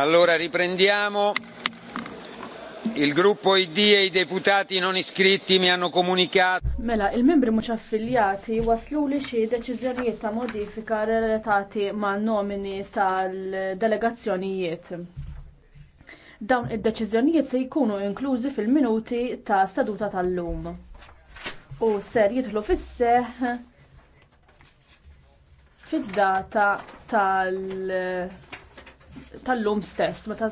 Allora riprendiamo. Il gruppo ID e i deputati non iscritti mi hanno comunicato. Mela, il-membri mhux affiljati waslu li xi deċiżjonijiet ta' modifika relatati ma' nomini tal-delegazzjonijiet. Dawn id-deċiżjonijiet se jkunu inklużi fil-minuti ta' staduta tal-lum. U ser jidħlu fis seħħ fid-data tal- tal-lum stess meta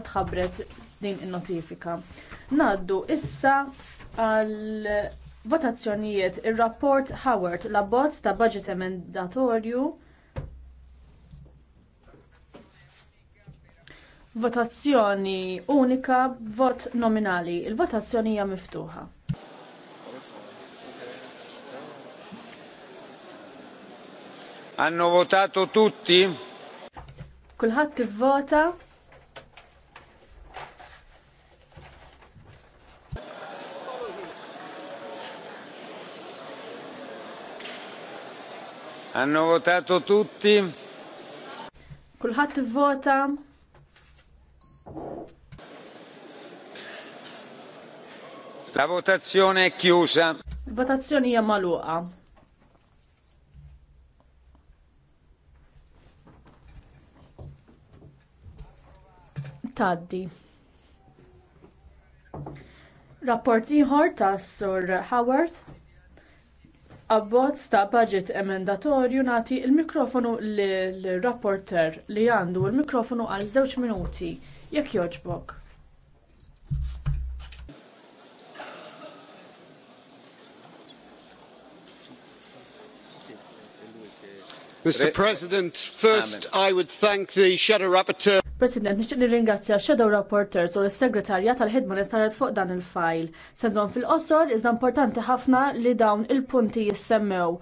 tħabbret din in-notifika. Ngħaddu issa għal votazzjonijiet ir-rapport Howard l-abbozz ta' budget emendatorju votazzjoni unika vot nominali. Il-votazzjoni hija miftuħa. Hanno votato tutti? Kulħadd tivvota. Hanno votato tutti? Kulħadd vota. La votazione è chiusa. Votazione è magħluqa. tgħaddi. Rapport ieħor ta' Sur Howard abbozz ta' budget emendatorju nagħti l mikrofonu lir-rapporter li għandu l mikrofonu għal żewġ minuti jekk jogħġbok. Mr. President, first I would thank the shadow rapporteur. President, nixtieq nirringrazzja Shadow Rapporteurs u l-Segretarja tal-ħidma li saret fuq dan il-fajl. Sezon fil-qosor iżda importanti ħafna li dawn il-punti jissemmew.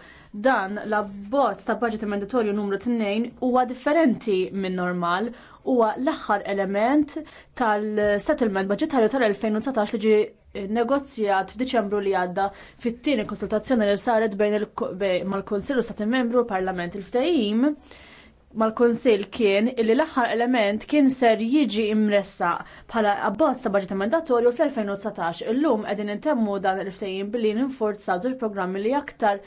Dan l-abbozz ta' budget emendatorju numru 2 huwa differenti minn normal huwa l-aħħar element tal-settlement budgetarju tal-2019 li ġi negozjat f'Diċembru li għadda fit-tieni konsultazzjoni li saret bejn mal u Stati Membru u Parlament il-ftehim mal-Kunsill kien illi l-aħħar element kien ser jiġi imressaq bħala abbozz ta' baġit mandatorju fl-2019. Illum qegħdin intemmu dan il-ftehim billi ninforzaw il-programmi li aktar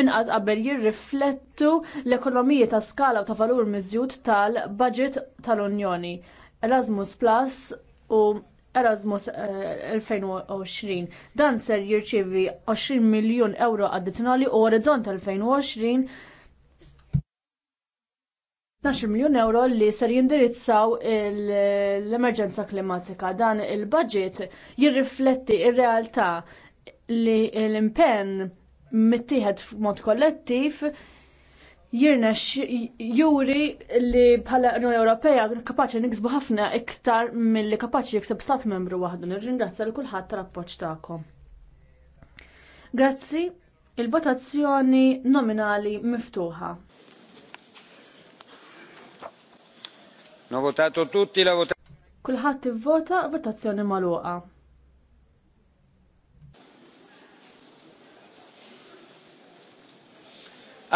minn qatt qabel jirriflettu l-ekonomija ta' skala u ta' valur miżjud tal-baġit tal-Unjoni. Erasmus Plus u Erasmus 2020. Eh, dan ser jirċievi 20 miljun euro addizzjonali u Orizzont 2020 12 miljun euro li ser jindirizzaw l-emerġenza klimatika. Dan il-budget jirrifletti r il realtà li l-impenn mittieħed f'mod kollettiv jirnex juri li bħala Unjoni Ewropea kapaċi niksbu ħafna iktar milli kapaċi jikseb stat membru waħdu. Nirringrazza l kulħadd tal-appoġġ tagħkom. Grazzi, il-votazzjoni nominali miftuħa. No votato tutti la vota. Kulħadd ivvota votazzjoni magħluqa.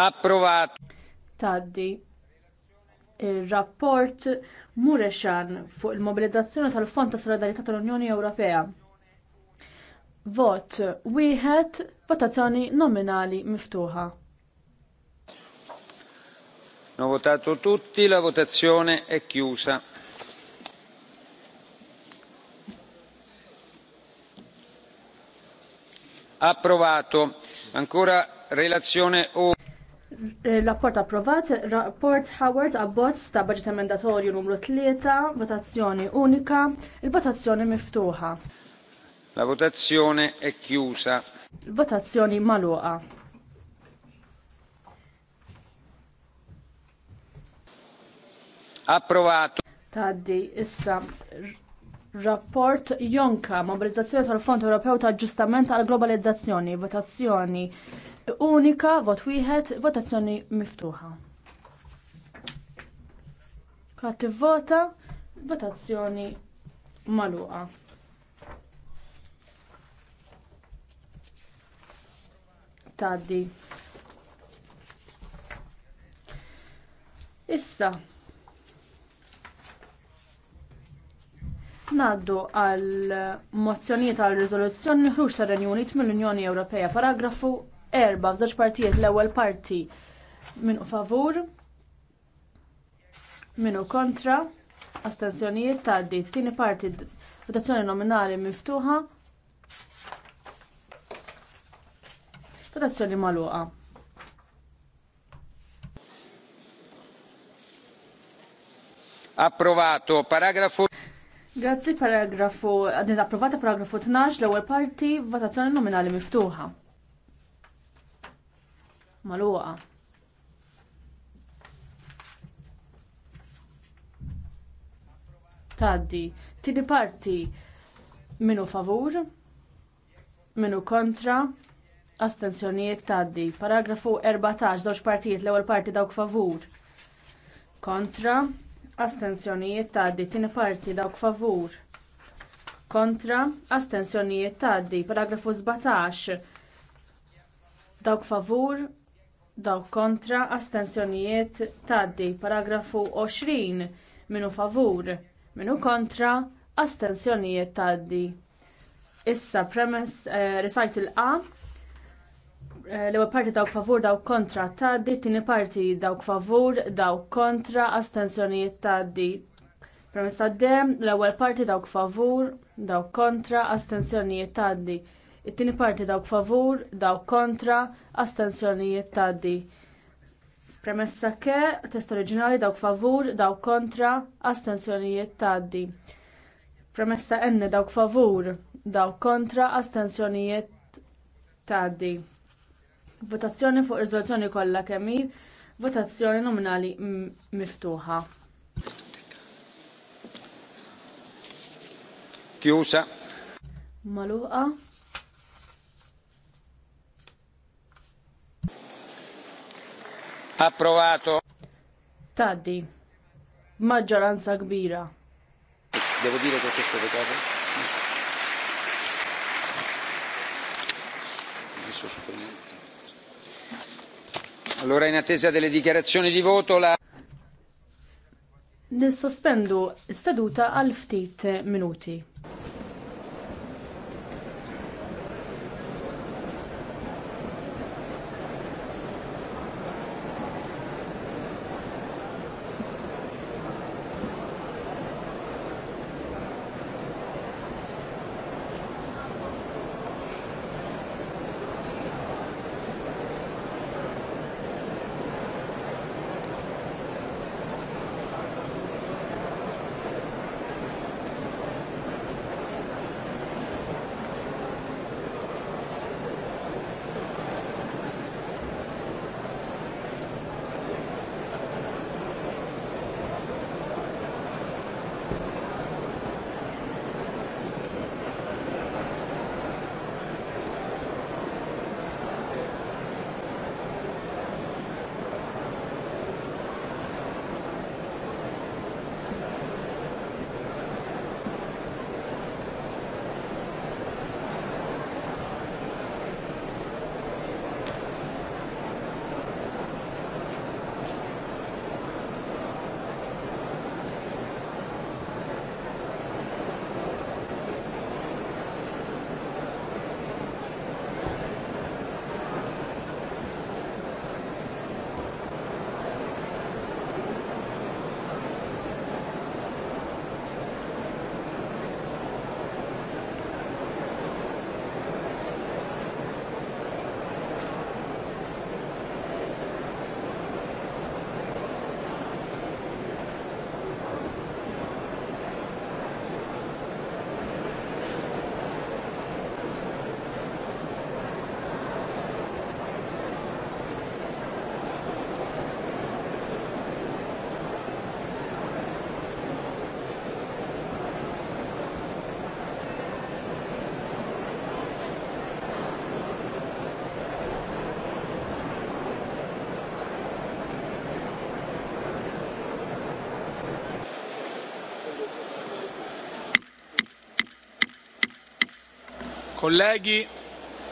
Approvato. Taddi. Ir-rapport Murexan fuq il-mobilizzazzjoni tal-Fond ta' Solidarità tal-Unjoni Ewropea. Vot wieħed votazzjoni nominali miftuħa. Hanno votato tutti, la votazione è chiusa. Approvato. Ancora relazione o eh, Rapport approvat, rapport Howard abbozz ta' budget emendatorju numru 3, votazzjoni unika, il-votazzjoni miftuħa. La votazzjoni è chiusa. Votazzjoni maluqa. Approvato. Taddi, issa, rapport Jonka, mobilizzazzjoni tal-Fond Ewropew ta' ġustament għal globalizzazzjoni, votazzjoni unika, vot wieħed, votazzjoni miftuħa. Kati vota, votazzjoni maluqa. Taddi. Issa, Ngħaddu għal mozzjonijiet għal riżoluzzjoni ħruġ tar renju Unit mill-Unjoni Ewropea paragrafu 4 f'żewġ partijiet l-ewwel parti minu favur minu kontra astensjonijiet tgħaddi tieni parti votazzjoni nominali miftuħa votazzjoni magħluqa. Approvato. Paragrafo Grazzi paragrafu, għadni approvata paragrafu 12 l-ewwel parti votazzjoni nominali miftuħa. Maluqa. Taddi. Tieni parti minu favur, minu kontra, Astenzjonijiet taddi. Paragrafu 14, dawx partijiet l-ewwel parti dawk favur. Kontra, astensjonijiet tgħaddi tieni parti dawk favur kontra astensjonijiet tgħaddi paragrafu 17 dawk favur dawk kontra astensjonijiet tgħaddi paragrafu 20 minu favur minu kontra astensjonijiet tgħaddi issa premess eh, recital a Eh, l-ewwel parti dawk favur dawk kontra tgħaddi, tieni parti dawk favur dawk kontra astensjonijiet tgħaddi. Permezz ta' dem, l-ewwel parti dawk favur dawk kontra astensjonijiet tgħaddi. It-tieni parti dawk favur dawk kontra astensjonijiet tgħaddi. Premessa ke test oriġinali dawk favur dawk kontra astensjonijiet tgħaddi. Premessa N dawk favur dawk kontra astensjonijiet tgħaddi. Votazzjoni fuq rizoluzzjoni kollha kemm hi, votazzjoni nominali miftuħa. Kjusa. Maluqa. Approvato. Taddi. Maggioranza kbira. Devo dire che questo decade? Adesso Allora in attesa delle dichiarazioni di voto la Nissospendu s-seduta għal ftit minuti. Colleghi,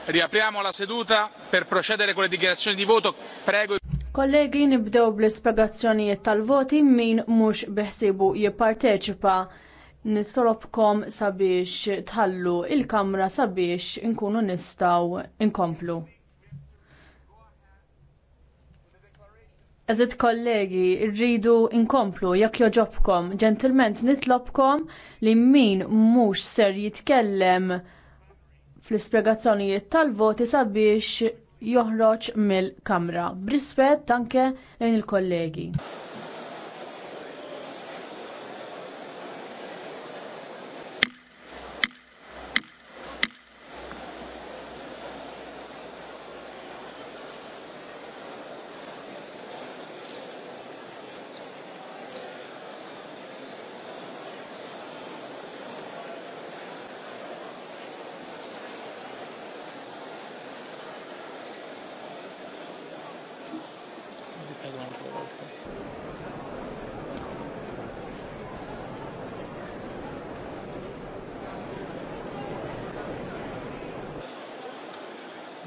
riapriamo la seduta per procedere con le dichiarazioni di voto. Prego. Kollegi, nibdew bl-ispiegazzjonijiet tal-voti min mhux beħsibu jipparteċipa. Nitlobkom sabiex tħallu il-kamra sabiex inkunu nistgħu inkomplu. Eżit kollegi, rridu inkomplu jekk joġobkom, ġentilment nitlobkom li min mhux ser jitkellem fl-ispjegazzjonijiet tal-voti sabiex joħroġ mill-Kamra. Brispett anke lejn il-kollegi.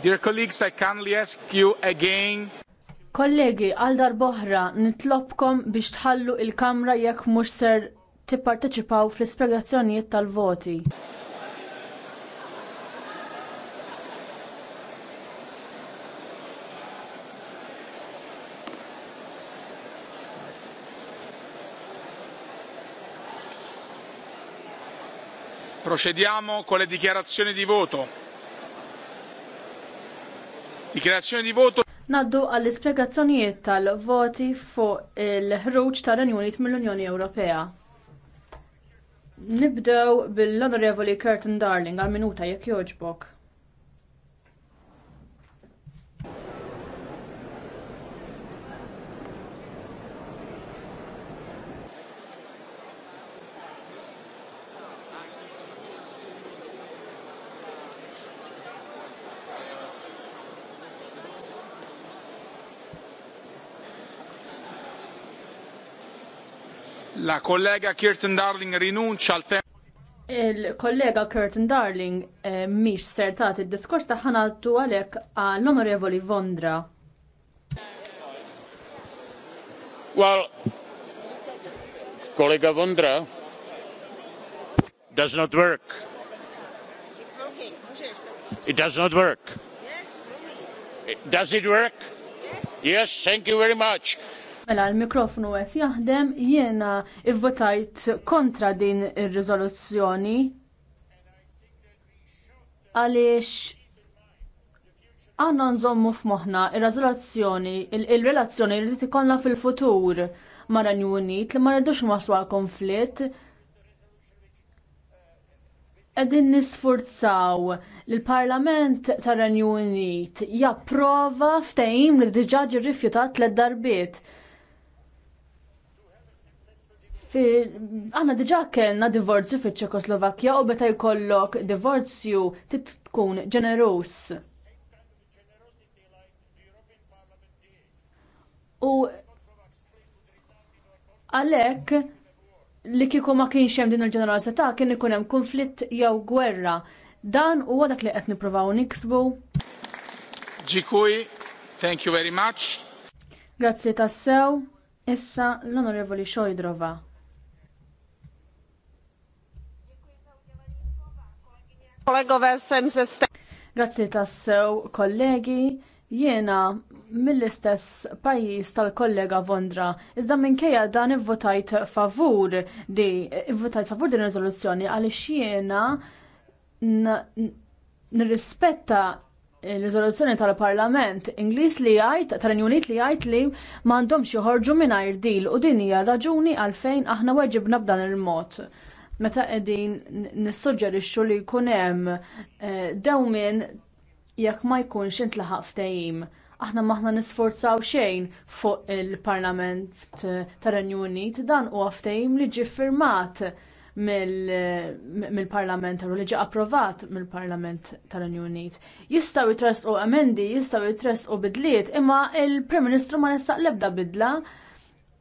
Dear colleagues, I kindly ask you again. Kollegi, għal darboħra nitlobkom biex tħallu il-kamra jekk mhux ser tipparteċipaw fl-ispjegazzjonijiet tal-voti. Procediamo con le dichiarazioni di voto. Dichiarazione di voto. Naddu għall-ispjegazzjonijiet tal-voti fuq il-ħruġ tar-Renju mill-Unjoni Ewropea. Nibdew bil-Onorevoli Curtin Darling għal-minuta jekk jogħġbok. La kollega Kirsten Darling rinuncia al tempo. Il-kollega Curtin Darling eh, miex sertat il-diskors ta' ħana tu għalek għall-onorevoli Vondra. Well, kollega Vondra does not work. It's working. It does not work. Does it work? yes thank you very much Mela l-mikrofonu qed jaħdem jiena ivvotajt kontra din ir-riżoluzzjoni għaliex għanna nżommu f'moħna ir riżoluzzjoni il-relazzjoni li tikollna fil-futur mar Renju Unit li ma rridux waslu għal konflitt. Qegħdin nisfurzaw li l-Parlament tar Renju Unit japprova ftehim li diġà ġi rrifjutat tliet darbiet. Għanna diġa kellna divorzju fi ċekoslovakkja u beta jkollok divorzju tit tkun ġenerus. U għalek li kieku ma kienx hemm din il-ġeneralità kien ikun hemm konflitt jew gwerra. Dan huwa dak li qed nippruvaw niksbu. Ġikuj, thank you very much. Grazzi tassew. Issa l-Onorevoli Xojdrova. Grazzi tassew kollegi, jiena mill-istess pajjiż tal-kollega Vondra. Iżda minkejja dan ivvotajt favur di, ivvotajt favur din riżoluzzjoni għaliex jiena nirrispetta il rezoluzzjoni tal-Parlament Ingliż li jgħid tal-Renju Unit li għajt li m'għandhomx joħorġu mingħajr dil u din hija raġuni għalfejn aħna weġibna b'dan il-mod meta qegħdin nissuġġerixxu li jkun hemm eh, dewmien jekk ma jkunx intlaħaq ftehim. Aħna maħna nisforzaw xejn fuq il-Parlament eh, tar-Renju Unit dan huwa ftehim li ġie ffirmat eh, mill-Parlament u li ġie approvat mill-Parlament tar renju Unit. Jistgħu jitresqu emendi, jistgħu jitresqu bidliet, imma il-Prim Ministru ma nistaq l-ebda bidla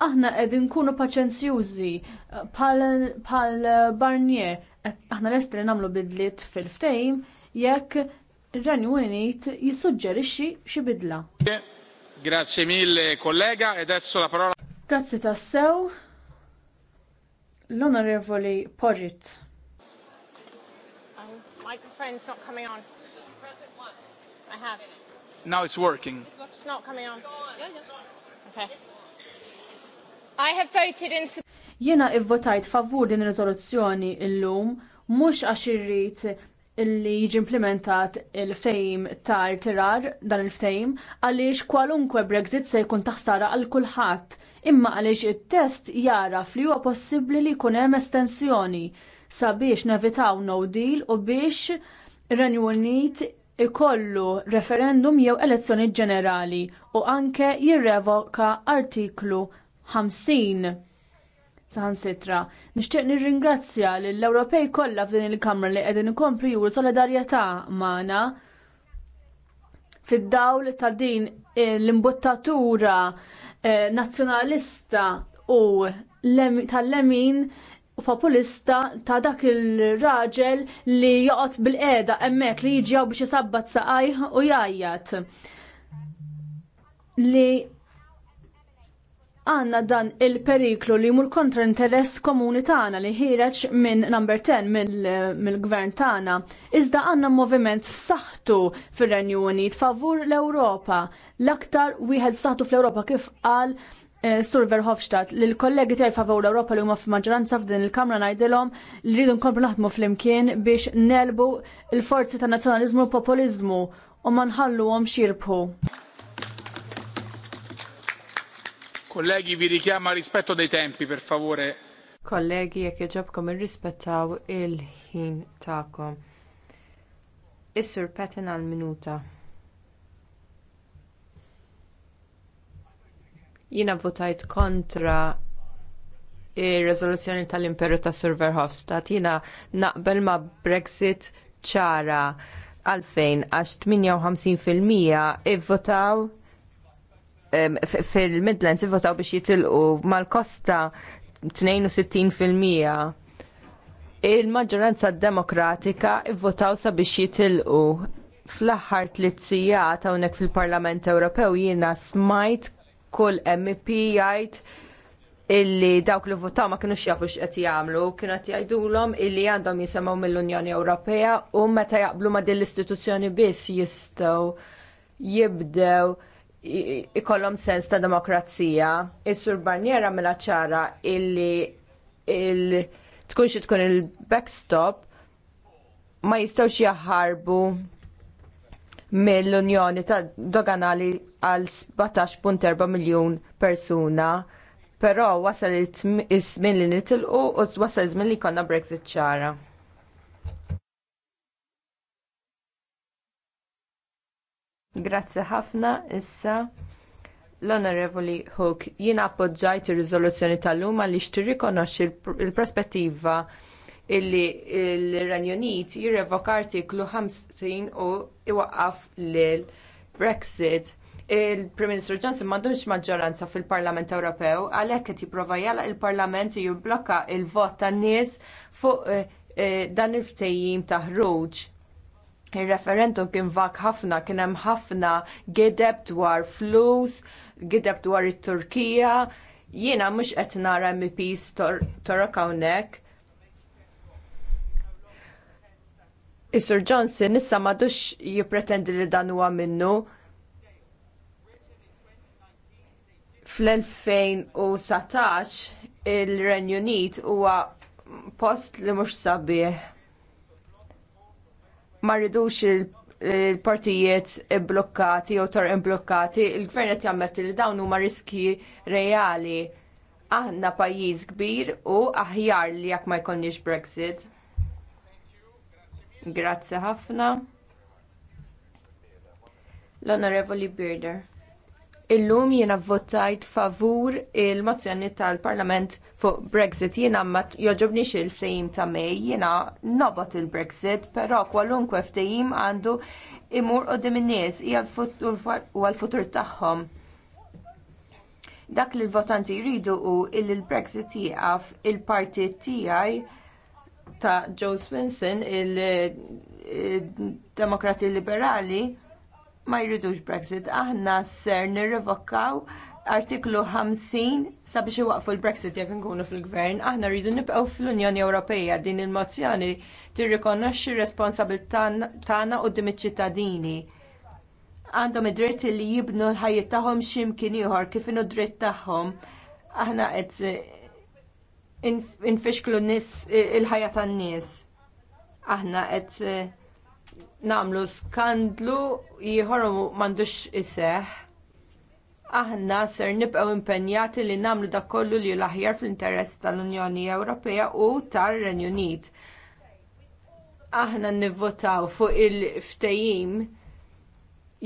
aħna qegħdin nkunu paċenzjużi pal Barnier aħna lestri nagħmlu bidliet fil-ftejm jekk ir-Renju jissuġġerixxi xi bidla. Grazie mille kollega e adesso la parola Grazzi tassew l-Onorevoli Porrit. Um, microphone's not coming on. Just press it once. I have. Now it's working. It's not coming on. Yeah, yeah. Okay. I have voted in Jiena ivvotajt favur din ir-riżoluzzjoni llum mhux għax irrid illi jiġi implementat il-fejm ta' tirar dan il-fejm għaliex kwalunkwe Brexit se jkun taħsara għal kulħadd imma għaliex it-test jara li huwa possibbli li jkun hemm estensjoni sabiex nevitaw no deal u biex ir-Renju Unit ikollu referendum jew elezzjoni ġenerali u anke jirrevoka artiklu 50 saħansitra. Nixtieq nirringrazzja lill-Ewropej kollha f'din il-Kamra li qegħdin ikomplu juru solidarjetà magħna fid-dawl ta' din eh, l-imbuttatura eh, nazzjonalista u tal-lemin u populista ta' dak il-raġel li joqgħod bil-qeda hemmhekk li jiġi biex isabbat saqaj u jajjat li għanna dan il-periklu li mur kontra interess komuni tagħna li ħireċ minn number 10 mill-gvern tagħna. Iżda għanna moviment f'saħħtu fir-Renju Unit favur l-Ewropa. L-aktar wieħed saħtu fl-Ewropa kif qal eh, Sur Verhofstadt, li l-kollegi tiegħi favur l-Ewropa li huma f'maġġoranza f'din il-Kamra ngħidilhom li rridu nkomplu naħdmu flimkien biex nelbu l-forzi ta' nazzjonaliżmu u populiżmu u ma nħalluhom xirbħu. Kollegi, vi richiamo al rispetto dei tempi, per favore. Kollegi, jekk jġobkom irrispettaw il-ħin tagħkom. Is-sur Patten għal minuta. Jiena votajt kontra ir rezoluzjoni tal-imperu ta' Sur Verhofstadt. Jina naqbel ma' Brexit ċara għalfejn għax 58% ivvotaw fil-Midlands ivvotaw biex jitilqu mal-kosta 62% il-maġġoranza demokratika ivvotaw sabiex jitilqu fl-aħħar tliet sigħat hawnhekk fil-Parlament Ewropew jiena smajt kull MEP jgħid illi dawk li votaw ma kinux jafu x'qed jagħmlu, kienu qed jgħidulhom illi għandhom jisemgħu mill-Unjoni Ewropea u meta jaqblu ma' din l-istituzzjoni biss jistgħu jibdew ikollom sens ta' demokrazija, is-sur Barniera mela ċara illi il tkun xi tkun il-backstop ma jistgħux jaħarbu mill-Unjoni ta' doganali għal 17.4 miljun persuna. Però wasal il-smin li nitilqu u wasal iż smin li jkollna Brexit ċara. Grazzi ħafna issa l-Onorevoli Hook, jiena appoġġajt ir-riżoluzzjoni tal-lum għaliex tirrikonoxxi l-prospettiva illi l-Iran Unit jirrevoka artiklu 50 u iwaqqaf lil Brexit. Il-Prim Ministru Johnson m'għandux maġġoranza fil-Parlament Ewropew għalhekk qed jipprova jalaq il-Parlament u jibblokka l il vot tan-nies fuq eh, eh, dan il-ftehim ta' ħruġ Il-referendum kien vak ħafna, kien hemm ħafna gideb dwar flus, gideb dwar it-Turkija, jiena mhux qed nara MPs torok hawnhekk. Is-Sur Johnson issa m'għadux jippretendi li dan huwa minnu. fl 2017 il-Renju Unit huwa post li mhux sabiħ ma rridux il-partijiet blokkati jew tor imblokkati, il-gvern qed jammetti li dawn huma riski reali. Aħna pajjiż kbir u aħjar li jekk ma jkollniex Brexit. Grazzi ħafna. L-Onorevoli Birder illum jiena vvotajt favur il-mozzjoni tal-Parlament fuq Brexit jiena ma joġobniex il-ftehim ta' Mej jiena nobot il-Brexit, però kwalunkwe ftehim għandu imur u in-nies hija futur tagħhom. Dak li l-votanti jridu hu li l-Brexit jieqaf il-partit tiegħi ta' Joe Swinson il-Demokrati Liberali ma jridux Brexit. Aħna ser nirrevokaw artiklu 50 sabiex iwaqfu l-Brexit jekk nkunu fil-gvern, aħna rridu nibqgħu fl-Unjoni Ewropea din il-mozzjoni tirrikonoxxi r-responsabilità tagħna quddiem iċ-ċittadini. Għandhom id-dritt li jibnu l-ħajjiet tagħhom x'imkien ieħor kif inhu dritt tagħhom. Aħna qed infixklu nies il-ħajja tan-nies. Aħna qed Namlu skandlu ieħor m'għandux iseħħ. Aħna ser nibqgħu impenjati li nagħmlu dak kollu li l-aħjar fl-interess tal-Unjoni Ewropea u tar-Renju Unit. Aħna nivvotaw fuq il-ftehim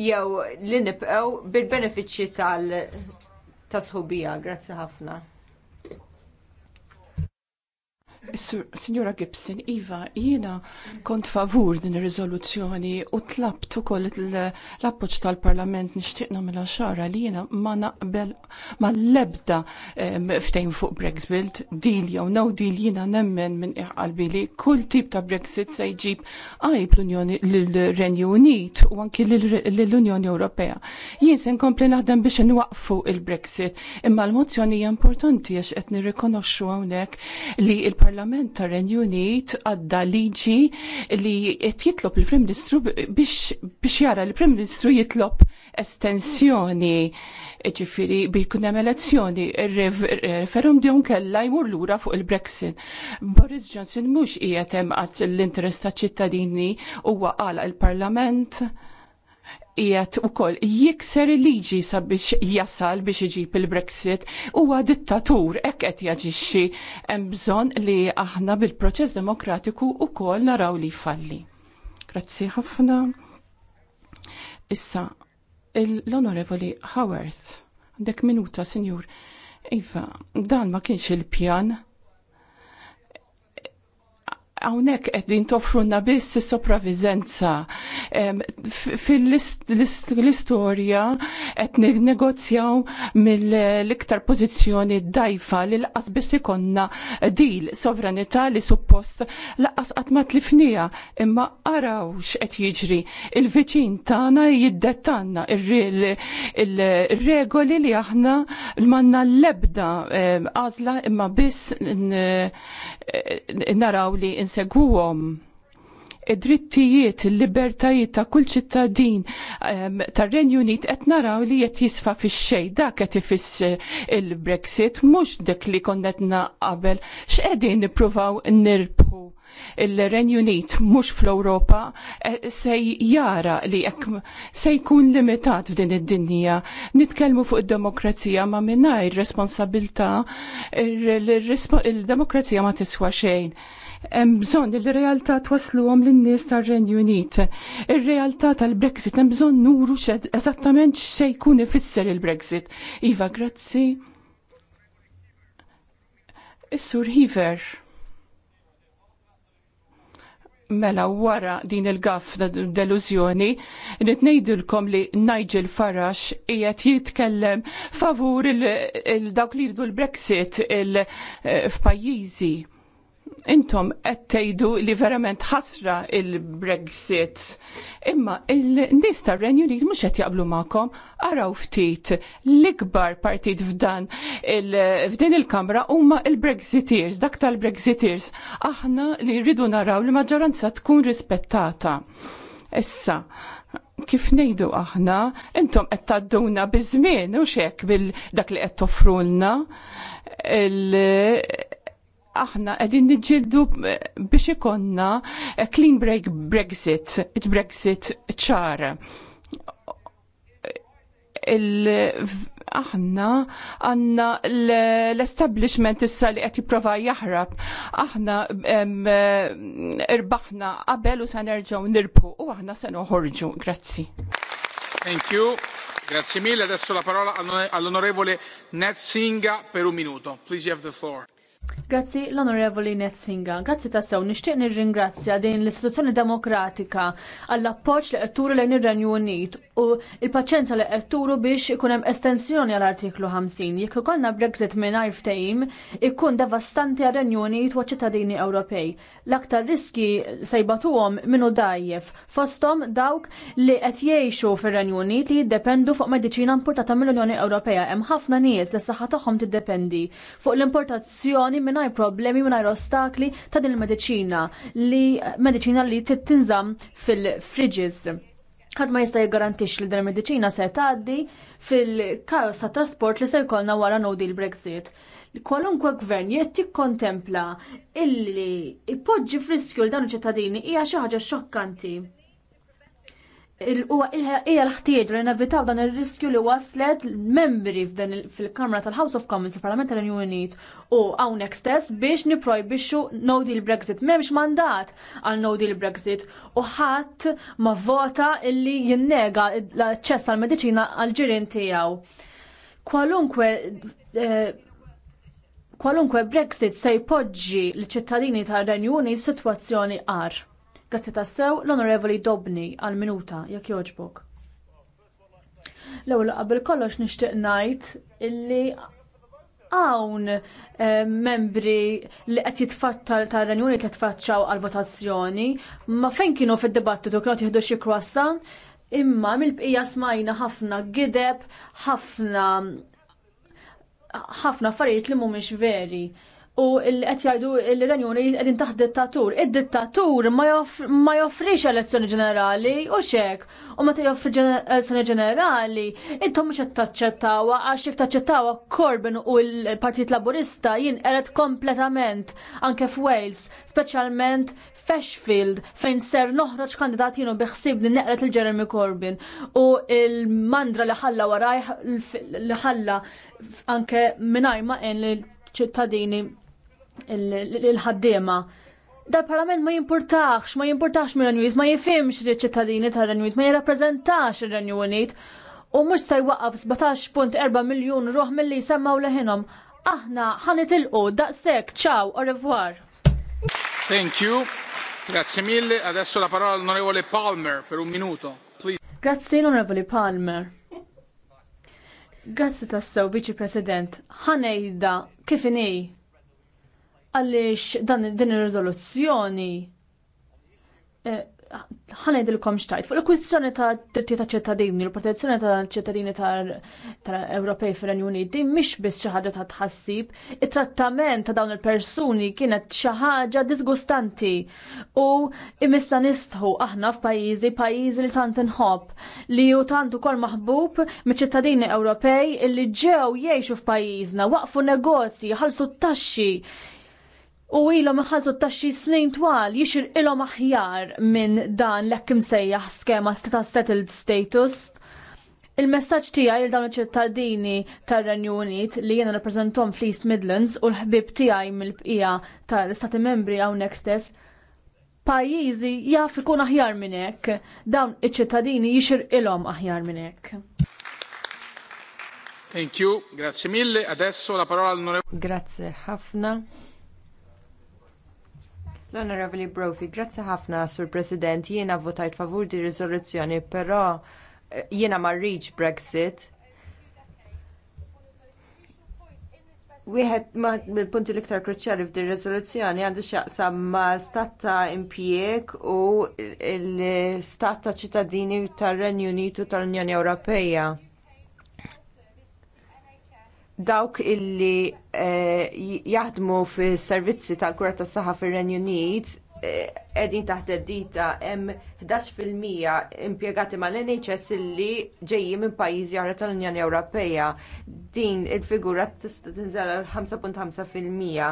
jew li nibqgħu bil-benefiċċji tal-tasħubija. Grazzi ħafna. Signora Gibson, Iva, jiena kont favur din ir-riżoluzzjoni u tlabtu ukoll l-appoġġ tal-Parlament nixtieq nagħmilha xara li jiena ma naqbel ma l ftejn fuq Brexit deal jew no deal jiena nemmen minn iħqalbi li kull tip ta' Brexit se jġib għajb l-Unjoni l-Renju Unit u anki l-Unjoni Ewropea. Jien se nkompli naħdem biex nwaqfu il-Brexit imma l-mozzjoni hija importanti għax qed nirrikonoxxu hawnhekk li il-Parlament il-Parlament tar renju Unit għadda liġi li qed jitlob il-Prim Ministru biex jara l-Prim Ministru jitlob estensjoni ġifiri bi kun hemm elezzjoni referum djon kella jmur lura fuq il-Brexit. Boris Johnson mhux qiegħed hemm l-interess ta' ċittadini huwa għala il parlament qiegħed ukoll jikser liġi sabiex jasal biex iġib il-Brexit huwa dittatur hekk qed jaġixxi hemm bżonn li aħna bil-proċess demokratiku koll naraw li falli. Grazzi ħafna. Issa l-Onorevoli Howard, dek minuta, Sinjur. Iva, dan ma kienx il-pjan Hawnhekk għeddin toffrunna biss is sopravizenza Fil-istorja qed negozjaw mill-iktar pożizzjoni dajfa li laqas biss ikonna dil sovranità li suppost laqas qatt ma tlifnija imma arawx qed jiġri il-viċin tagħna jiddettanna il regoli li aħna manna l-ebda għażla imma biss naraw li inseguhom id-drittijiet, il-libertajiet ta' kull ċittadin tar renju Unit qed naraw li qed jisfa fix-xejn dak qed il-Brexit mhux dik li konna qabel x'qegħdin nippruvaw nirbħu il-Renju Unit mhux fl-Ewropa se jara li hekk se jkun limitat f'din id-dinja. Nitkellmu fuq id-demokrazija ma mingħajr responsabilità il-demokrazija ma tiswa xejn hemm bżonn il-realtà twasluhom lin-nies tar-Renju Unit. Ir-realtà tal-Brexit hemm bżonn nuru xed eżattament x'se jkun ifisser il-Brexit. Iva, grazzi. Is-Sur Hiver. Mela wara din il-gaff deluzjoni, rrid ngħidilkom li Nigel Farage qiegħed jitkellem favur il-dawk li jridu l-Brexit il-pajjiżi eh, intom qed tgħidu li verament ħasra il-Brexit. Imma il-nies tar-Renju Unit mhux qed jaqblu magħkom araw ftit l-ikbar partit f'dan f'din il-Kamra huma il-Brexiteers, dak tal-Brexiteers. Aħna li rridu naraw li maġġoranza tkun rispettata. Issa, kif nejdu aħna, intom qed tadduna biż-żmien u xek bil dak li qed toffrulna aħna qegħdin nġildu eh, biex ikonna eh, clean break Brexit, it-Brexit ċar. aħna għanna l-establishment issa li qed jipprova jaħrab. Aħna eh, irbaħna qabel u se nerġgħu nirbu u aħna se noħorġu. Grazzi. Thank you. Grazie mille. Adesso la parola all'onorevole Singa per un minuto. Please you have the floor. Grazzi l-Onorevoli Netzinga. Grazzi ta' sew, nixtieq nirringrazzja din l-istituzzjoni demokratika għall appoġġ li qed turu lejn ir-Renju Unit u l-paċenza li qed turu biex ikun hemm estensjoni għall artiklu 50. Jekk ikollna Brexit mingħajr ftehim, ikun devastanti għar renju Unit u ċittadini Ewropej. L-aktar riski sejbatuhom minnu dajjef fosthom dawk li qed jgħixu fir-Renju Unit li jiddependu fuq mediċina importata mill-Unjoni Ewropea. Hemm ħafna nies li s-saħħa tagħhom tiddependi fuq l-importazzjoni soluzzjoni mingħajr problemi mingħajr ostakli ta' din il-mediċina li mediċina li tinżamm fil-fridges. Ħadd ma jista' jiggarantix li din il-mediċina se tgħaddi fil-kaos ta' trasport li se jkollna wara no deal Brexit kwalunkwe gvern jettik kontempla illi ipoġġi friskju l dawn ċittadini hija xi ħaġa xokkanti il ija l-ħtieġ li nevitaw dan ir-riskju li waslet membri fil-Kamra tal-House of Commons il-Parlament tal-Renju Unit u hawnhekk stess biex niprojbixxu no deal Brexit m'hemmx mandat għal no deal Brexit u ħadd ma vota illi jinnega l-aċċess għall mediċina għal ġirien tiegħu. Kwalunkwe eh, kwalunkwe Brexit se jpoġġi l-ċittadini tal-Renju situazzjoni f'sitwazzjoni Grazzi tassew l-Onorevoli Dobni għal minuta jekk jogħġbok. L-ewwel qabel kollox nixtieq ngħid illi hawn eh, membri li qed jitfattal tar-Renjuni li tfaċċaw għall votazzjoni ma fejn kienu fid-dibattitu kienu jieħdu xi croissant, imma mill-bqija smajna ħafna gideb, ħafna ħafna affarijiet li mhumiex veri u l qed jgħidu l-Renjuni qegħdin taħt dittatur. Id-dittatur ma joffrix elezzjoni ġenerali u xek. U meta joffri elezzjoni ġenerali, intom mhux qed taċċettawha għax jekk taċċettawha Corbyn u l-Partit Laburista jinqered kompletament anke f'Wales, speċjalment f'Ashfield fejn ser noħroġ kandidat jienu biħsib li neqret il-Jeremy Corbyn u il-mandra li ħalla waraj li ħalla anke mingħajr ma' ċittadini il-ħaddiema. Dal-parlament ma jimpurtax, ma jimpurtax mir renju ma jifimx li ċittadini tar renju ma jirrapprezentax ir renju Unit u mhux se jwaqaf 17.4 miljun ruħ milli semmaw leħinhom. Aħna ħanitilqu daqshekk, ciao, au revoir. Thank you. Grazie mille. Adesso la parola all'onorevole Palmer per un minuto. Please. Grazie onorevole Palmer. Grazie tassew, Viċi President. Ħanejda, kif inhi? għaliex dan din ir-riżoluzzjoni eh, ħanejdilkom xtajt. Fuq il-kwistjoni ta' dritti ta' ċittadini, l-protezzjoni ta' ċittadini ta' Ewropej fil-Renju Unit, mhix biss xi ta' tħassib, it-trattament ta' dawn il-persuni kienet xi ħaġa disgustanti u imisna nistħu aħna f'pajjiżi pajjiżi li tant inħobb li ju tantu kol maħbub me ċittadini Ewropej li ġew jgħixu f'pajjiżna, waqfu negozji, ħalsu t-taxxi u ilhom iħazu t-taxxi snin twal jixir ilhom aħjar minn dan l ekkim imsejjaħ skema ta' settled status. Il-messaġġ tiegħi il dawn iċ-ċittadini tar-Renju Unit li jiena rappreżentom fl-East Midlands u l-ħbib tiegħi mill-bqija tal-Istati Membri hawnhekk stess pajjiżi jaf ikun aħjar minn hekk, dawn iċ-ċittadini jixir ilhom aħjar minn hekk. Thank you, grazie mille. Adesso la parola all'onorevole. Grazie ħafna. L-Onorevoli Brophy, grazzi ħafna, Sur President, jiena votajt favur di riżoluzzjoni, però eh, jiena marriċ Brexit. Wieħed ma mill-punti l-iktar kruċjali f'din riżoluzzjoni għandu x'jaqsam ma' stat ta' impjieg u l-stat ta' ċittadini tar-Renju Unitu tal-Unjoni Ewropea dawk illi eh, jaħdmu fis servizzi tal-kura tas saħħa fir-Renju Unit eh, qegħdin taħt id-dita hemm 11% impjegati mal-NHS illi ġejjin minn pajjiżi oħra tal-Unjoni Ewropea. Din il-figura tista' tinżel għal 5.5%.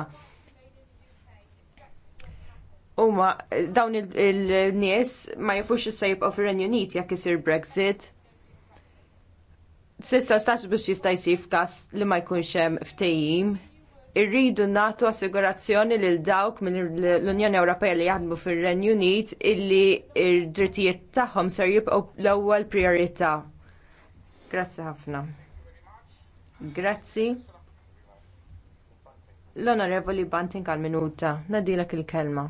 Huma eh, dawn il-nies ma jafux issa jibqgħu fir-Renju Unit jekk isir Brexit Sista, stax biex jista' jsir f'każ li ma jkunx hemm ftejim. Irridu nagħtu assigurazzjoni lil dawk mill-Unjoni Ewropea li jaħdmu fir-Renju Unit illi d-drittijiet tagħhom ser jibqgħu l-ewwel priorità. Grazzi ħafna. Grazzi. L-Onorevoli Banting għal-minuta, nadilek il-kelma.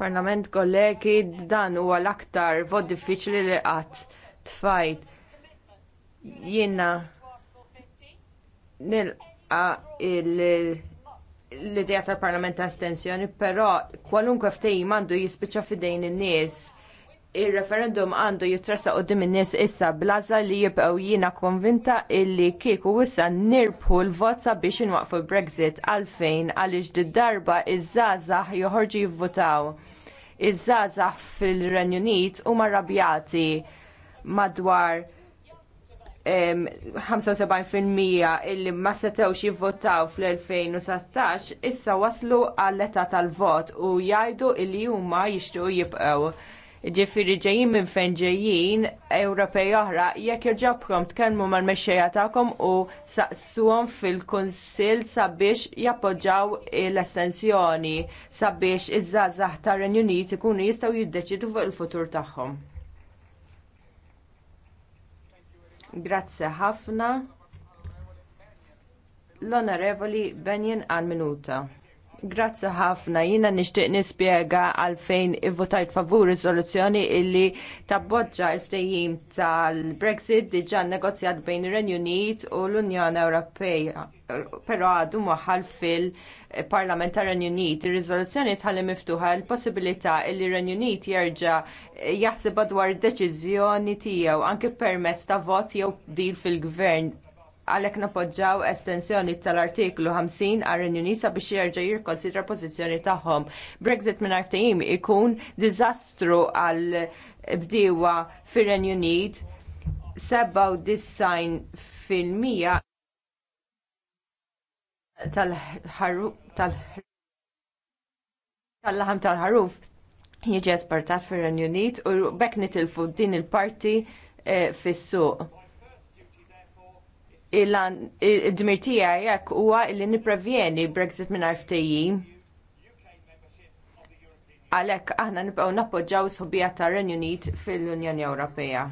Parlament kollegi dan huwa l-aktar vot diffiċli li qatt tfajt. Jiena nilqa l-idea tal-Parlament ta' estensjoni, però kwalunkwe ftejim għandu jispiċċa fidejn in-nies il-referendum għandu jitressa qoddim in-nies issa blaza li jibqgħu jiena konvinta illi kieku wissa nirbħu l vozza biex inwaqfu l-Brexit għalfejn għaliex darba iż żazax joħorġu jivvotaw iż-żgħażagħ fil-Renju Unit huma rrabjati madwar 75% illi ma setewx jivvotaw fl 2016 issa waslu għall-età tal-vot u jgħidu illi huma jixtiequ jibqgħu ġifiri ġejjin minn fejn ġejjin Ewropej oħra, jekk irġabkom tkellmu mal-mexxejja tagħkom u saqsuhom fil-Kunsill sabiex jappoġġaw l-estensjoni sabiex iż-żgħażagħ tar-Renju Unit ikunu jistgħu jiddeċidu fuq il-futur tagħhom. Grazzi ħafna. L-Onorevoli Benjen għal minuta. Grazzi ħafna, jina nishtiq nispiega għalfejn ivvotajt favur riżoluzzjoni illi tabboġġa il ftejim tal-Brexit diġà negozjat bejn ir-Renju Unit u l-Unjoni Ewropeja. Però għadu maħal fil-Parlament tar ren Unit, ir-riżoluzzjoni tħalli miftuħa l-possibilità illi Renju Unit jerġa' jaħseb dwar id-deċiżjoni tiegħu anke permezz ta' vot jew dil fil-gvern għalhekk napoġġaw estensjoni tal-artiklu 50 għar Unisa biex jerġa' jirkonsidra pożizzjoni tagħhom. Brexit minn ftehim ikun diżastru għal bdiewa fir-Renju Unit 97 fil-mija tal-laħam tal-ħaruf jiġi esportat fir-Renju Unit u bekk nitilfu din il-parti eh, fis-suq il-dmir tiegħi jekk huwa li nipprevjeni Brexit mingħajr ftehim. Għalhekk aħna nibqgħu nappoġġaw is hobija tar Renjunit Unit fil-Unjoni Ewropea.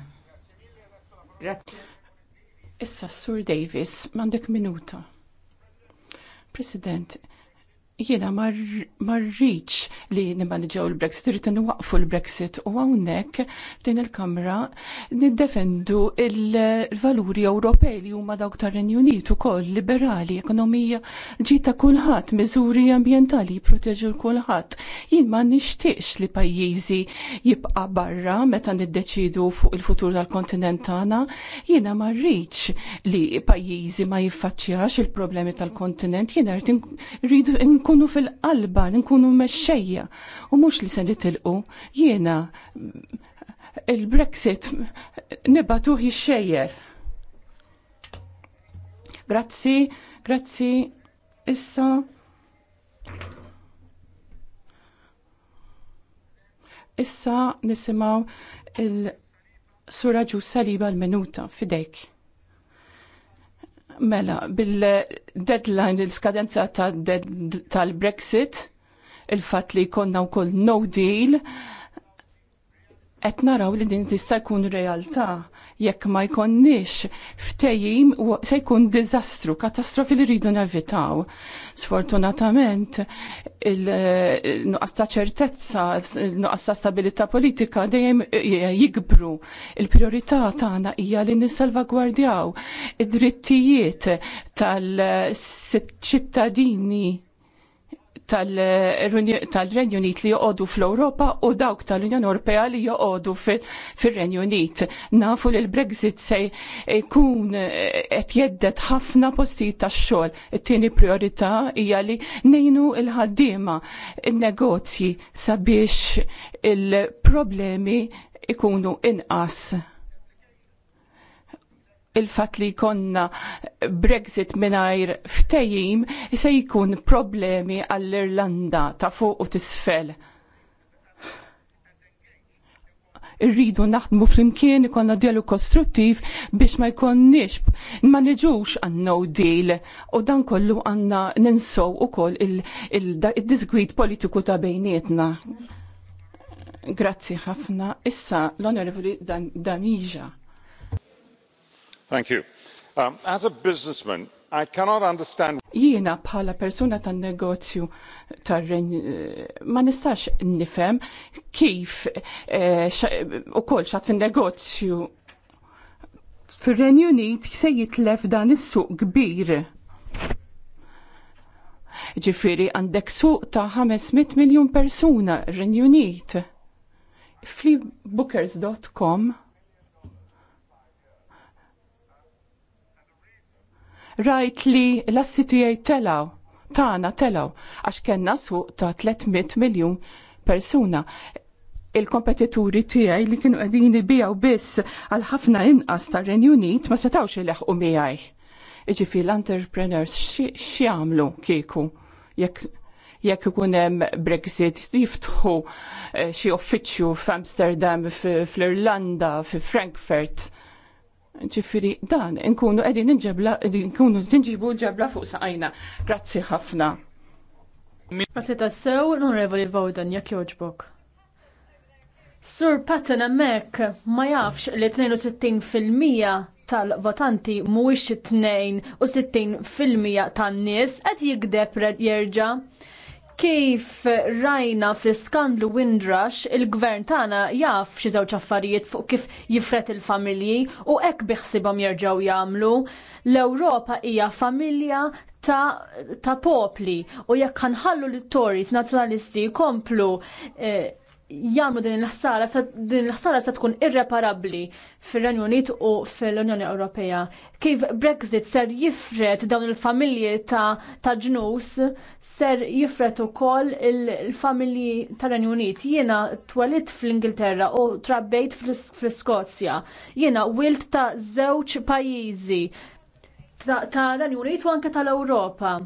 Issa Sur Davis, m'għandek minuta. President, jiena marriċ li nimmanġaw il-Brexit, irrit waqfu l-Brexit u għawnek f'din il-Kamra niddefendu il-valuri Ewropej li huma dawk tar-Renju Unit ukoll liberali, ekonomija ġita kulħadd, miżuri ambjentali jipproteġu kulħadd. Jien ma nixtiex li pajjiżi jibqa' barra meta niddeċidu fuq il-futur tal-kontinent tagħna, jiena marriċ li pajjiżi ma jiffaċċjax il-problemi tal-kontinent, jiena rridu nkunu fil-qalba, nkunu mexxejja u mhux li se nitilqu jiena il-Brexit nibatuh xejjer. Grazzi, grazzi, issa. Issa nisimaw il-suraġu saliba l-minuta fidejk. Mela, bil-deadline, il-skadenza tal-Brexit, il-fat li konna u no deal, et naraw li din tista' jkun realtà jekk ma jkonniex ftejim se jkun diżastru, katastrofi li rridu nevitaw. Sfortunatament, il-nuqqas eh, ta' ċertezza, il-nuqqas ta' stabilità politika dejjem eh, jikbru. Il-priorità tagħna hija li nissalvagwardjaw id-drittijiet tal-ċittadini tal-Renju Unit li joqogħdu fl-Ewropa u dawk tal-Unjoni Ewropea li joqogħdu fir-Renju Unit. Nafu li l-Brexit se jkun eh, qed jeddet ħafna postijiet tax-xogħol. It-tieni priorità hija li nejnu l-ħaddiema in-negozji sabiex il-problemi ikunu inqas il-fat li konna Brexit minajr ftejim se jkun problemi għall-Irlanda ta' fuq u tisfel. Irridu naħdmu flimkien ikonna dialog kostruttiv biex ma jkonniex ma neġux għanna u deal u dan kollu għanna ninsow u koll il-disgwid politiku ta' bejnietna. Grazzi ħafna. Issa l-onorevoli Danija. Thank you. Um, as a businessman, I cannot understand. Jiena bħala persuna tan negozju tar-ren eh, ma nistax nifhem kif eh, ukoll xat fin-negozju fir-Renju Unit se jitlef dan is-suq kbir. Ġifieri għandek suq ta' 500 miljun persuna r-Renju Unit. Fli bookers.com rajt li l-assi tiegħi telaw, tagħna telaw, għax kellna suq ta' 300 miljun persuna il-kompetituri tiegħi li kienu qegħdin bijaw biss għal ħafna inqas tar-Renju Unit ma setgħux ileħqu Iġi fi l-entrepreneurs xiamlu kieku jekk jekk ikun hemm Brexit jiftħu eh, xi uffiċċju f'Amsterdam, fl-Irlanda, Frankfurt ċifiri, dan, nkunu edin nġebla, nkunu tinġibu ġebla fuq saqajna. Grazzi ħafna. Grazzi tassew, l-onorevoli Vodan, jak joġbok. Sur Patton Mek ma jafx li 62% tal-votanti mhuwiex 62% tan-nies qed jikdeb jerġa' kif rajna fl-skandlu Windrush, il-gvern tagħna jaf xi żewġ affarijiet fuq kif jifret il-familji u hekk biħsibhom jerġgħu jagħmlu. L-Ewropa hija familja ta', ta popli u jekk kanħallu l tories nazzjonalisti jkomplu eh, jagħmlu din il-ħsara din il-ħsara se tkun irreparabbli fir-Renju Unit u fil-Unjoni Ewropea. Kif Brexit ser jifret dawn il-familji ta', ta ġnus ser jifret ukoll il-familji tar Renju Unit. Jiena twelid fl-Ingilterra u trabbejt fl-Skozja. Jiena wilt ta' żewġ pajjiżi ta' Renju Unit u anke tal-Ewropa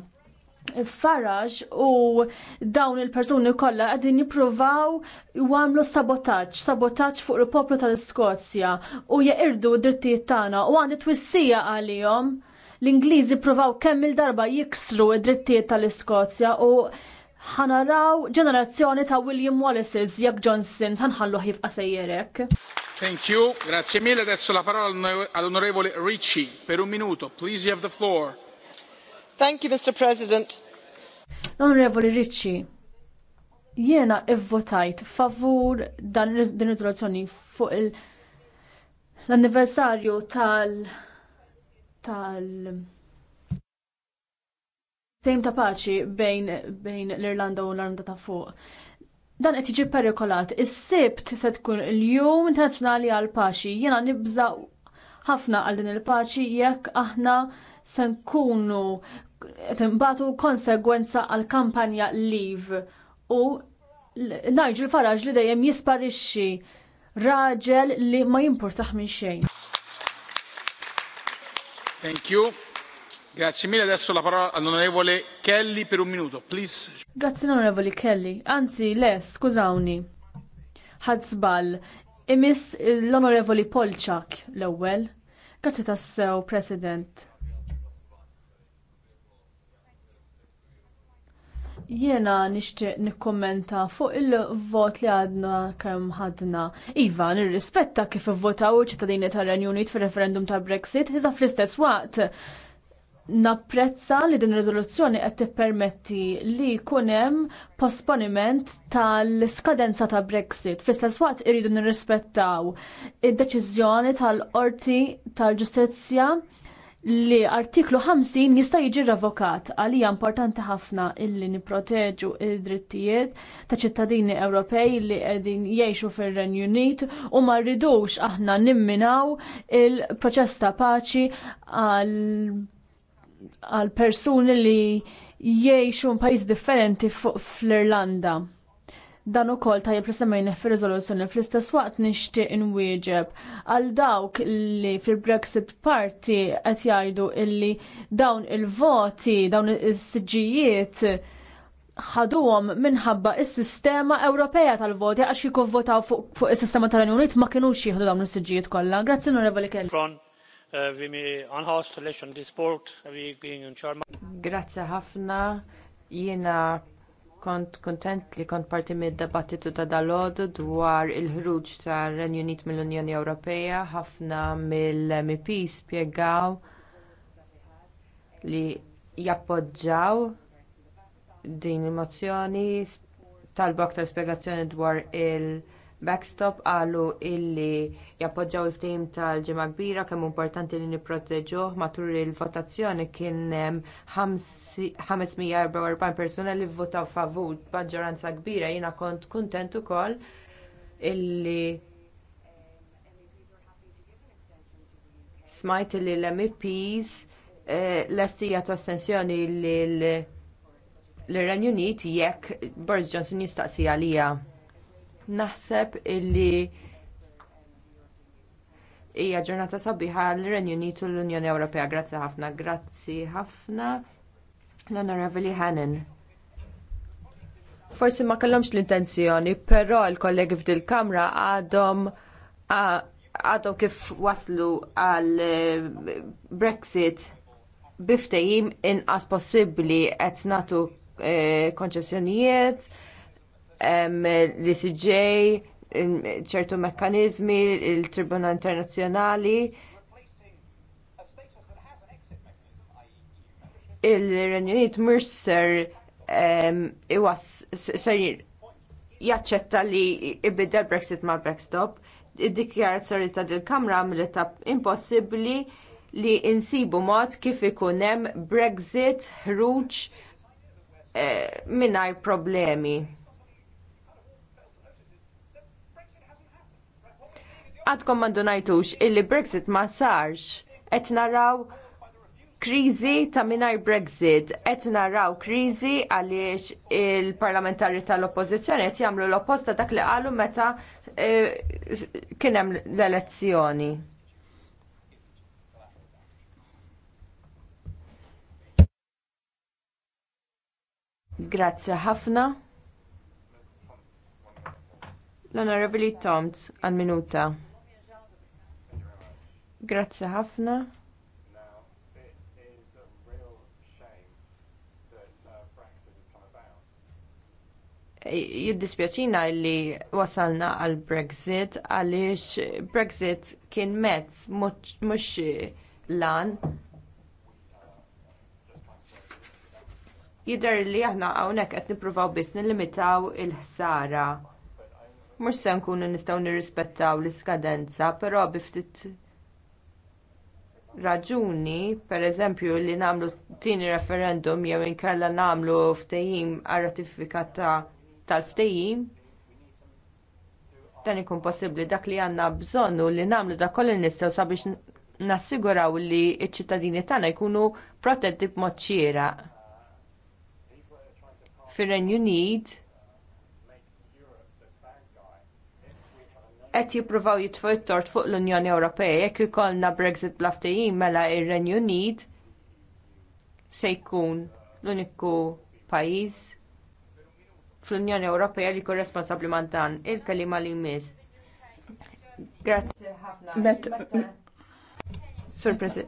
Farage u dawn il-persuni kollha qegħdin jippruvaw għamlu sabotaġġ, sabotaġġ fuq il-poplu tal-Iskozja u jeqirdu d-drittijiet tagħna u għandi twissija għalihom l-Ingliżi pruvaw kemm il-darba jiksru d-drittijiet tal-Iskozja u ħanaraw ġenerazzjoni ta' William Wallace, jekk Johnson ħanħallu jibqa' sejjerek. Thank you. Grazie mille. Adesso la parola all'onorevole Ricci per un minuto. Please you have the floor. Thank you, Mr. President. Onorevoli Ricci, jiena ivvotajt favur dan din riżoluzzjoni fuq l-anniversarju tal tal Sejm ta' paċi bejn, bejn l-Irlanda u l-Irlanda ta' fuq. Dan qed jiġi perikolat. Is-sibt se tkun il-jum internazzjonali għal paċi. Jiena nibża ħafna għal din il-paċi jekk aħna se nkunu qed konsegwenza għal kampanja Leave u Nigel Faraj li dejjem jisparixxi raġel li ma jimportax minn xejn. Thank you. Grazie mille, adesso la parola all'onorevole Kelly per un minuto, please. Grazie onorevole Kelly, anzi le, skużawni. Ħadżbal, imis l-onorevoli Polczak l-ewwel. Grazie tassew, President. Jiena nixtieq nikkommenta fuq il-vot li għadna kemm ħadna. Iva, nirrispetta kif ivvotaw ċittadini tar-Renju Unit fir-referendum ta' brexit iza fl-istess waqt napprezza li din riżoluzzjoni qed tippermetti li jkun hemm posponiment tal-skadenza ta' Brexit. Fl-istess waqt iridu nirrispettaw id-deċiżjoni tal-Qorti tal-Ġustizzja tal qorti tal ġustizzja li artiklu 50 jista' jiġi revokat għalija importanti ħafna illi nipproteġu id-drittijiet ta' ċittadini Ewropej li qegħdin jgħixu fir-Renju Unit u ma rridux aħna nimminaw il-proċess ta' paċi għal persuni li jgħixu pajjiż differenti fl-Irlanda dan ukoll ta' li semmejna fir-riżoluzzjoni fl-istess waqt nixtieq inwieġeb għal dawk li fil-Brexit Party qed jgħidu illi dawn il-voti, dawn is-siġijiet ħaduhom minħabba is-sistema Ewropea tal-voti għax kieku votaw fuq is-sistema tal-Unjoni Unit ma kinux jieħdu dawn is sġijiet kollha. Grazzi Onorevoli Kelly. Uh, Grazzi ħafna jiena kont kuntent li kont parti mid-dibattitu ta' dalgħodu dwar il-ħruġ tar-Renju Unit mill-Unjoni Ewropea. Ħafna mill-MP spjegaw li jappoġġjaw din il-mozzjoni talbu aktar spjegazzjoni dwar il- backstop qalu illi jappoġġjaw il-ftehim tal-ġimgħa kbira kemm importanti li nipproteġuh matul il-votazzjoni kien hemm 544 persuna li vvutaw favur b'maġġoranza kbira jiena kont kuntent ukoll illi smajt li l-MEPs eh, lesti jagħtu astensjoni lil renju Unit jekk Boris Johnson jistaqsi għalija naħseb illi hija ġurnata sabiħa l-Renju Unit u l-Unjoni Ewropea. Grazzi ħafna, grazzi ħafna l-Onorevoli Hannan. Forsi ma kellhomx l-intenzjoni, però l-kollegi f'dil kamra għadhom għadhom kif waslu għal eh, Brexit biftejim inqas possibbli qed nagħtu eh, konċessjonijiet l-ICJ, ċertu mekkaniżmi, il-Tribuna Internazzjonali. Il-Renju Unit mhux ser iwas ser jaċċetta li ibidel Brexit mal backstop. Id-dikjarazzjoni ta' dil-Kamra għamlitha impossibbli li insibu mod kif ikun hemm Brexit ħruġ eh, mingħajr problemi. għadkom mandunajtux illi Brexit ma sarx, et naraw krizi ta' minar Brexit, et naraw krizi għaliex il-parlamentari tal-oppozizjoni et jamlu l-opposta dak li għalu meta eh, kienem l-elezzjoni. Grazie ħafna. L-Onorevoli Toms għal minuta. Grazzi ħafna. jiddispjaċina li wasalna għal Brexit għaliex Brexit kien mezz mhux lan. Jidher li aħna hawnhekk qed nippruvaw biss nillimitaw il-ħsara. Mhux se nkunu nistgħu nirrispettaw l-iskadenza, però bi ftit raġuni pereżempju li nagħmlu tieni referendum jew inkella nagħmlu ftehim għar-ratifika tal-ftehim dan ikun possibbli dak li għandna bżonn u li nagħmlu dak kollu nistgħu sabiex nassiguraw li ċ-ċittadini tagħna jkunu protetti b'mod xieraq. Fir-Renju Unit qed jippruvaw jitfgħu t-tort fuq l-Unjoni Ewropea jekk ikollna Brexit bla ftehim mela r-Renju Unit se jkun l-uniku pajjiż fl-Unjoni Ewropea li jkun responsabbli ma' dan il-kelima li jmiss. Grazzi ħafna. Sur eh,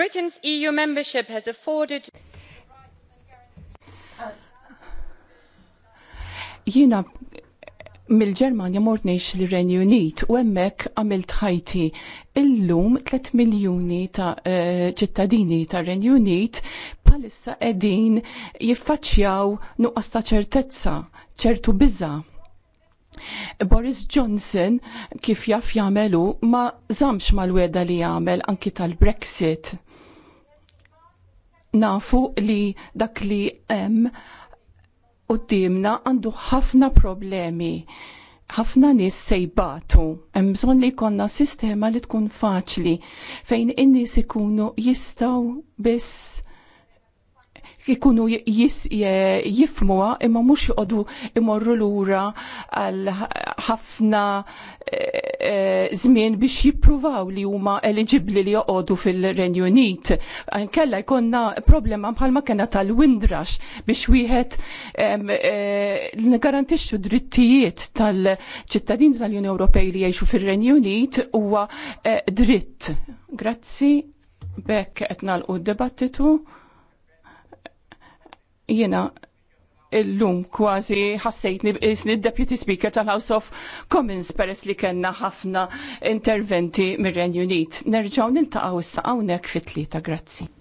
Britain's EU membership has afforded Jiena mill-Ġermanja mort ngħix renju Unit u hemmhekk għamilt ħajti. Illum 3 miljuni ta' eh, ċittadini ta' tar-Renju Unit bħalissa qegħdin jiffaċċjaw nuqqas ta' ċertezza, ċertu bizza. Boris Johnson kif jaf jagħmelu ma żamx mal-weda li jagħmel anki tal-Brexit. Nafu li dak li hemm qudiemna għandu ħafna problemi ħafna nis sejbatu, hemm bżonn li jkollna sistema li tkun faċli fejn in-nies ikunu jistgħu biss ikunu jifmuha imma mhux joqogħdu imorru lura għal ħafna eh, eh, żmien biex jippruvaw li huma eligibbli li joqogħdu fil-Renju Unit. Kella jkollna problema bħalma kena tal-windrax biex wieħed eh, garantixxu drittijiet tal ċittadin tal-Unjoni Ewropej li jgħixu fir-Renju Unit huwa dritt. Grazzi bekk qed nagħlqu d debattitu Jiena illum kważi ħassejtni isni deputy speaker tal-House of Commons peress li kellna ħafna interventi mir-Renju Unit. Nerġa'w niltaqgħu issa hawnhekk fit-tlieta, grazzi.